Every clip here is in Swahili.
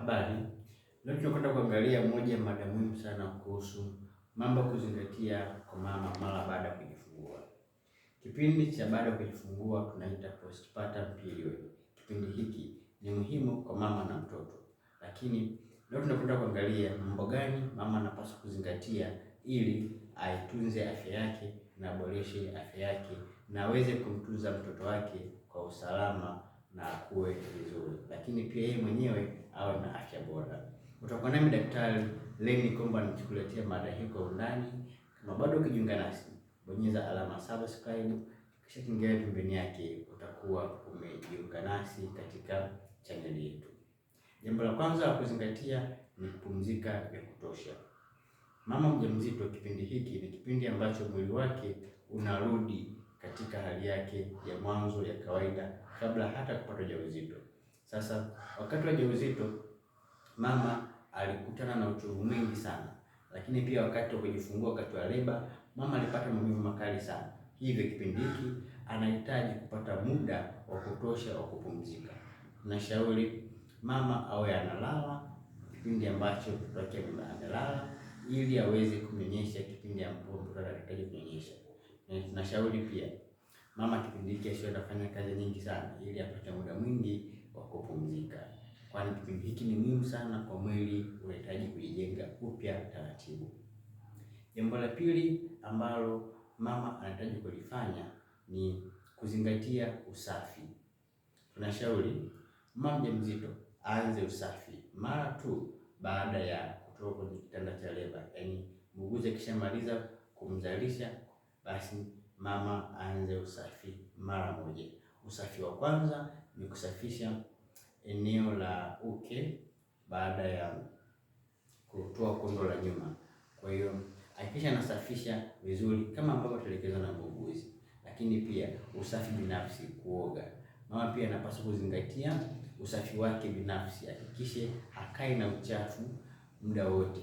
Habari. Leo tunakwenda kuangalia moja ya mada muhimu sana kuhusu mambo kuzingatia kwa mama mara baada ya kujifungua. Kipindi cha baada ya kujifungua tunaita postpartum period. Kipindi hiki ni muhimu kwa mama na mtoto, lakini leo tunakwenda kuangalia mambo gani mama anapaswa kuzingatia ili aitunze afya yake na aboreshe afya yake na aweze kumtunza mtoto wake kwa usalama na akuwe vizuri, lakini pia yeye mwenyewe awe na afya bora. Utakuwa nami Daktari Lenny Komba nikikuletea mada hii kwa undani. Kama bado ukijiunga nasi, bonyeza alama subscribe, kisha kengele pembeni yake, utakuwa umejiunga nasi katika chaneli yetu. Jambo la kwanza la kuzingatia ni kupumzika ya kutosha. Mama mjamzito, kipindi hiki ni kipindi ambacho mwili wake unarudi katika hali yake ya mwanzo ya kawaida kabla hata kupata ujauzito. Sasa wakati wa ujauzito mama alikutana na uchungu mwingi sana, lakini pia wakati wa kujifungua, wakati wa leba, mama alipata maumivu makali sana. Hivyo kipindi hiki anahitaji kupata muda wa kutosha wa kupumzika. Nashauri mama awe analala kipindi ambacho mtoto wake amelala, ili aweze kunyonyesha kipindi ambapo mtoto anahitaji kunyonyesha. Eh, nashauri pia mama kipindi hiki asiwe atafanya kazi nyingi sana, ili apate muda mwingi wa kupumzika, kwani kipindi hiki ni muhimu sana kwa mwili, unahitaji kuijenga upya taratibu. Jambo la pili ambalo mama anahitaji kulifanya ni kuzingatia usafi. Tunashauri mama mjamzito aanze usafi mara tu baada ya kutoka kwenye kitanda cha leba, yaani muuguzi akishamaliza kumzalisha basi mama aanze usafi mara moja. Usafi wa kwanza ni kusafisha eneo la uke baada ya kutoa kondo la nyuma. Kwa hiyo hakikisha anasafisha vizuri kama ambavyo tulielekezwa na muuguzi. Lakini pia usafi binafsi, kuoga. Mama pia anapaswa kuzingatia usafi wake binafsi, hakikishe hakai na uchafu muda wote.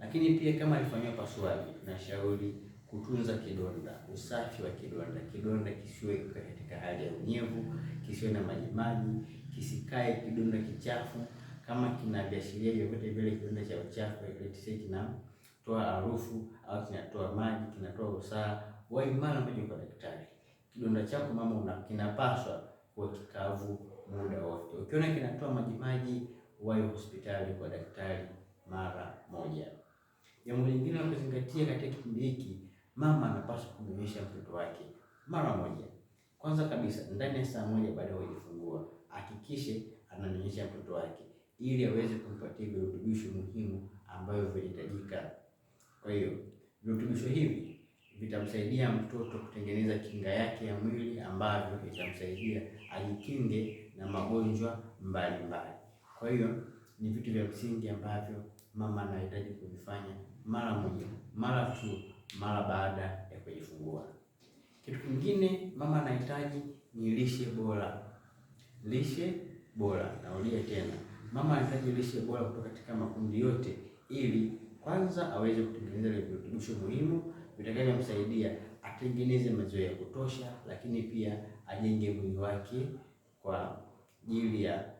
Lakini pia kama alifanyiwa upasuaji, tunashauri kutunza kidonda, usafi wa kidonda. Kidonda kisiwe katika hali ya unyevu, kisiwe na majimaji, kisikae kidonda kichafu. Kama kina viashiria vyovyote vile, kidonda cha uchafu, let's kinatoa harufu au kinatoa maji, kinatoa usaha, wahi mara moja kwa daktari. Kidonda chako mama, kinapaswa kuwa kikavu muda wote. Ukiona kinatoa majimaji, wahi hospitali kwa daktari mara moja. Jambo lingine la kuzingatia katika kipindi hiki mama anapaswa kumnyonyesha mtoto wake mara moja. Kwanza kabisa ndani ya saa moja baada ya kujifungua, hakikishe ananyonyesha mtoto wake ili aweze kumpatia virutubisho muhimu ambavyo vinahitajika. Kwa hiyo virutubisho hivi vitamsaidia mtoto kutengeneza kinga yake ya mwili ambavyo itamsaidia ajikinge na magonjwa mbalimbali. Kwa hiyo ni vitu vya msingi ambavyo mama anahitaji kuvifanya mara moja, mara tu mara baada ya kujifungua. Kitu kingine mama anahitaji ni lishe bora, lishe bora. Naulia tena, mama anahitaji lishe bora kutoka katika makundi yote, ili kwanza aweze kutengeneza virutubisho muhimu vitakavyomsaidia atengeneze mazoea ya kutosha, lakini pia ajenge mwili wake kwa ajili ya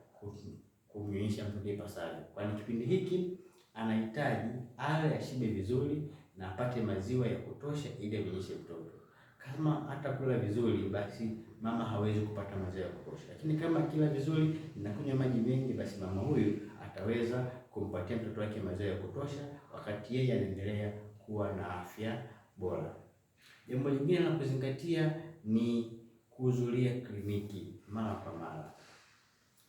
kumnyonyesha mtoto ipasavyo, kwani kipindi hiki anahitaji ale ashibe vizuri na apate maziwa ya kutosha ili amnyonyeshe mtoto. Kama atakula vizuri, basi mama hawezi kupata maziwa ya kutosha, lakini kama akila vizuri na kunywa maji mengi, basi mama huyu ataweza kumpatia mtoto wake maziwa ya kutosha, wakati yeye anaendelea kuwa na afya bora. Jambo lingine la kuzingatia ni kuhudhuria kliniki mara kwa mara.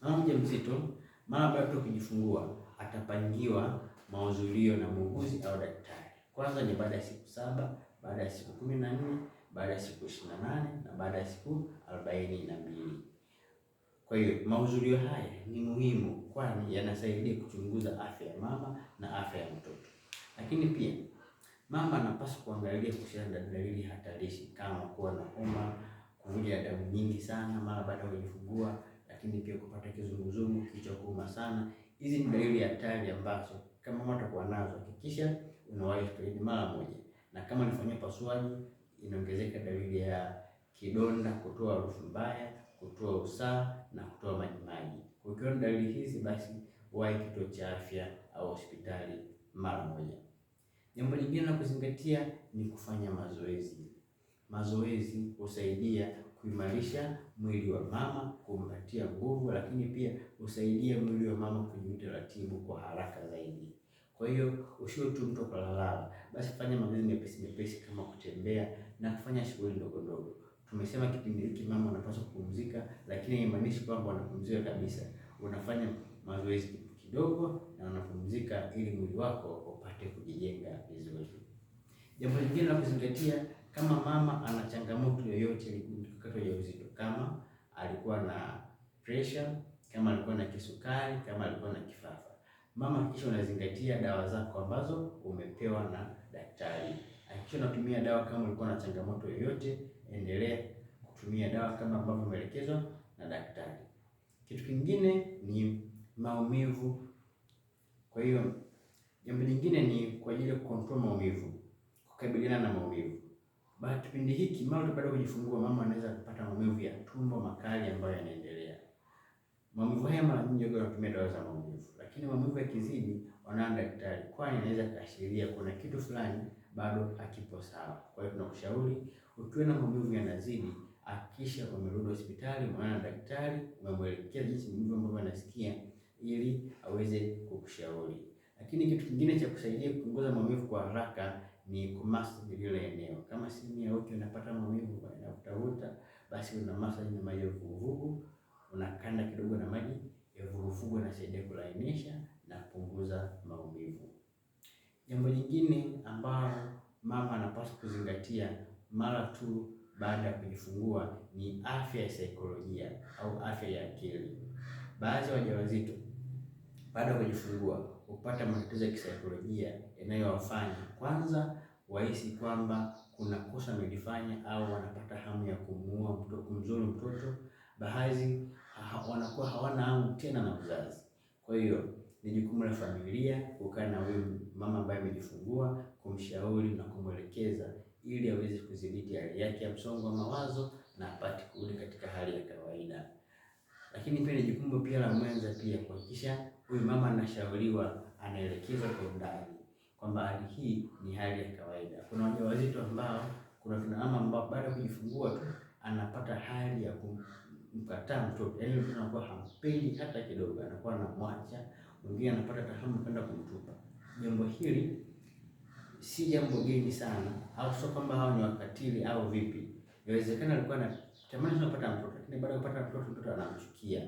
Mama mjamzito mara baada ya kujifungua atapangiwa mahudhurio na muuguzi au daktari. Kwanza ni baada ya siku saba, baada ya siku kumi na nne, baada ya siku ishirini na nane na baada ya siku arobaini na mbili. Kwa hiyo mahudhurio haya ni muhimu, kwani yanasaidia kuchunguza afya ya mama na afya ya mtoto. Lakini pia mama anapaswa kuangalia kuhusiana na dalili hatarishi kama kuwa na homa, kuvuja damu nyingi sana mara baada ya kujifungua, lakini pia kupata kizunguzungu, kichwa kuuma sana. Hizi ni dalili hatari ambazo kama mama atakuwa nazo, hakikisha unawahi kutoidi mara moja, na kama nifanyia upasuaji inaongezeka dalili ya kidonda, kutoa harufu mbaya, kutoa usaha na kutoa majimaji. Ukiona dalili hizi, basi wahi kituo cha afya au hospitali mara moja. Jambo lingine la kuzingatia ni kufanya mazoezi. Mazoezi husaidia kuimarisha mwili wa mama, kumpatia nguvu, lakini pia husaidia mwili wa mama taratibu kwa haraka zaidi. Kwa hiyo usiwe tu mtu kulalala, basi fanya mazoezi mepesi mepesi kama kutembea na kufanya shughuli ndogo ndogo. Tumesema kipindi hiki mama anapaswa kupumzika, lakini haimaanishi kwamba anapumzika kabisa. Unafanya mazoezi kidogo na unapumzika ili mwili wako upate kujijenga vizuri. Jambo lingine la kuzingatia, kama mama ana changamoto yoyote wakati wa ujauzito, kama alikuwa na pressure, kama alikuwa na kisukari, kama alikuwa na kifafa Mama, hakikisha unazingatia dawa zako ambazo umepewa na daktari. Hakikisha unatumia dawa kama ulikuwa na changamoto yoyote, endelea kutumia dawa kama ambavyo umeelekezwa na daktari. Kitu kingine ni maumivu. Kwa hiyo jambo lingine ni kwa ajili ya kucontrol maumivu, kukabiliana na maumivu. Baada kipindi hiki mama, baada ya kujifungua, mama anaweza kupata maumivu ya tumbo makali ambayo yanaendelea Maumivu haya mara nyingi wagonjwa wanatumia dawa za maumivu, lakini maumivu yakizidi wanaenda daktari, kwani inaweza kaashiria kuna kitu fulani bado hakipo sawa. Kwa hiyo tunakushauri ukiwa na maumivu yanazidi, hakikisha umerudi hospitali, umeona daktari, umemwelekea jinsi maumivu ambavyo anasikia ili aweze kukushauri. Lakini kitu kingine cha kusaidia kupunguza maumivu kwa haraka ni kumasaji lile eneo. Kama sehemu ya uke unapata maumivu yanakutafuta, basi una masaji na maji ya vuguvugu unakanda kidogo na maji ya vuguvugu, inasaidia kulainisha na kupunguza maumivu. Jambo jingine ambalo mama anapaswa kuzingatia mara tu baada ya kujifungua ni afya ya saikolojia au afya ya akili. Baadhi ya wajawazito baada ya kujifungua hupata matatizo ya kisaikolojia yanayowafanya kwanza wahisi kwamba kuna kosa amelifanya au wanapata hamu ya kumuua mtoto, kumzuru mtoto baadhi ha, wanakuwa hawana hamu tena na uzazi. Kwa hiyo ni jukumu la familia kukaa na huyu mama ambaye amejifungua, kumshauri na kumwelekeza ili aweze kudhibiti hali yake ya msongo wa mawazo na apate kurudi katika hali ya kawaida. Lakini pia ni jukumu pia la mwenza pia kuhakikisha huyu mama anashauriwa, anaelekezwa kwa undani kwamba hali hii ni hali ya kawaida. Kuna wajawazito ambao, kuna kina mama ambao baada ya kujifungua tu anapata hali ya kumkataa mtoto, yaani mtoto anakuwa hampendi hata kidogo, anakuwa anamwacha. Mwingine anapata tahamu kwenda kumtupa. Jambo hili si jambo geni sana, au sio kwamba hao ni wakatili au vipi? Inawezekana alikuwa anatamani sana kupata mtoto, lakini baada ya kupata mtoto mtoto anamchukia.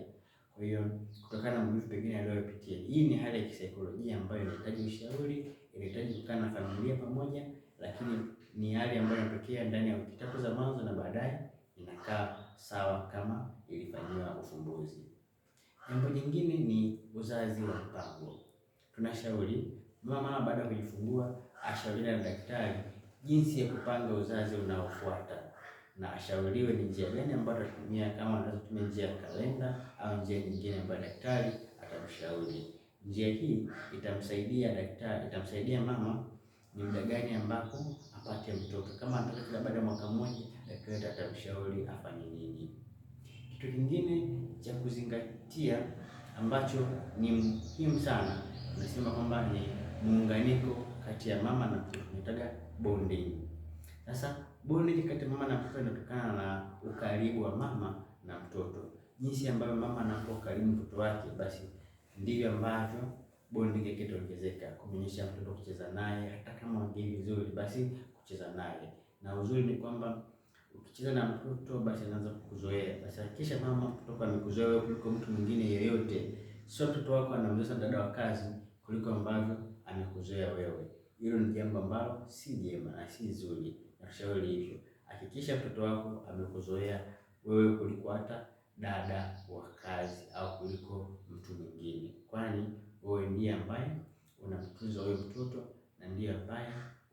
Kwa hiyo kutokana na maumivu pengine aliyopitia, hii ni hali ya kisaikolojia ambayo inahitaji ushauri, inahitaji kukaa na familia pamoja, lakini ni hali ambayo inatokea ndani ya wiki tatu za mwanzo na baadaye inakaa sawa kama ilifanyiwa ufumbuzi. Jambo jingine ni uzazi wa mpango. Tunashauri mama baada ya kujifungua ashauriwe na daktari jinsi ya kupanga uzazi unaofuata, na ashauriwe ni njia gani ambayo atatumia, kama anaweza kutumia njia ya kalenda au njia nyingine ambayo daktari atamshauri. Njia hii itamsaidia daktari, itamsaidia mama ni muda gani ambapo apate mtoto. Kama anataka kila baada ya mwaka mmoja, daktari atamshauri afanye nini. Kitu kingine cha kuzingatia ambacho ni muhimu sana, nasema kwamba ni muunganiko kati ya mama na mtoto, nataka bonding. Sasa bonding kati ya mama na mtoto inatokana na ukaribu wa mama na mtoto. Jinsi ambavyo mama anapokaribu mtoto wake, basi ndivyo ambavyo bonding yake itaongezeka, kumnyonyesha mtoto, kucheza naye, hata kama wageni vizuri, basi kucheza naye. Na uzuri ni kwamba ukicheza na mtoto, basi anaanza kukuzoea. Basi hakikisha mama mtoto amekuzoea wewe kuliko mtu mwingine yeyote, sio mtoto wako anamzoea dada wa kazi kuliko ambavyo amekuzoea wewe. Hilo ni jambo ambalo si jema na si zuri, na kushauri hivyo. Hakikisha mtoto wako amekuzoea wewe kuliko hata dada wa kazi au kuliko mtu mwingine, kwani wewe ndiye ambaye unamtunza huyo mtoto na ndiye ambaye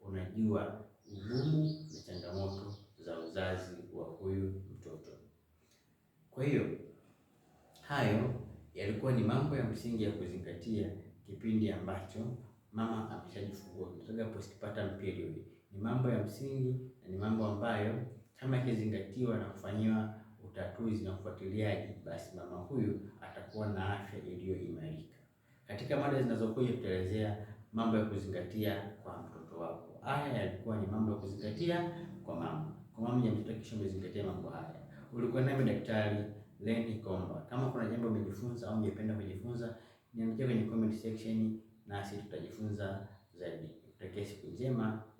unajua ugumu na changamoto za uzazi wa huyu mtoto. Kwa hiyo hayo yalikuwa ni mambo ya msingi ya kuzingatia kipindi ambacho mama ameshajifungua, tunataka postpartum period. Ni mambo ya msingi na ni mambo ambayo kama yakizingatiwa na kufanyiwa utatuzi na ufuatiliaji, basi mama huyu atakuwa na afya iliyoimarika katika mada zinazokuja tutaelezea mambo ya kuzingatia kwa mtoto wako. Haya yalikuwa ni mambo ya kuzingatia kwa mama, kwa mama mtoto, kisha umezingatia mambo haya. Ulikuwa nami Daktari Lenny Komba. Kama kuna jambo umejifunza au ungependa kujifunza, niandikia kwenye comment section, nasi tutajifunza zaidi. Kutakia siku njema.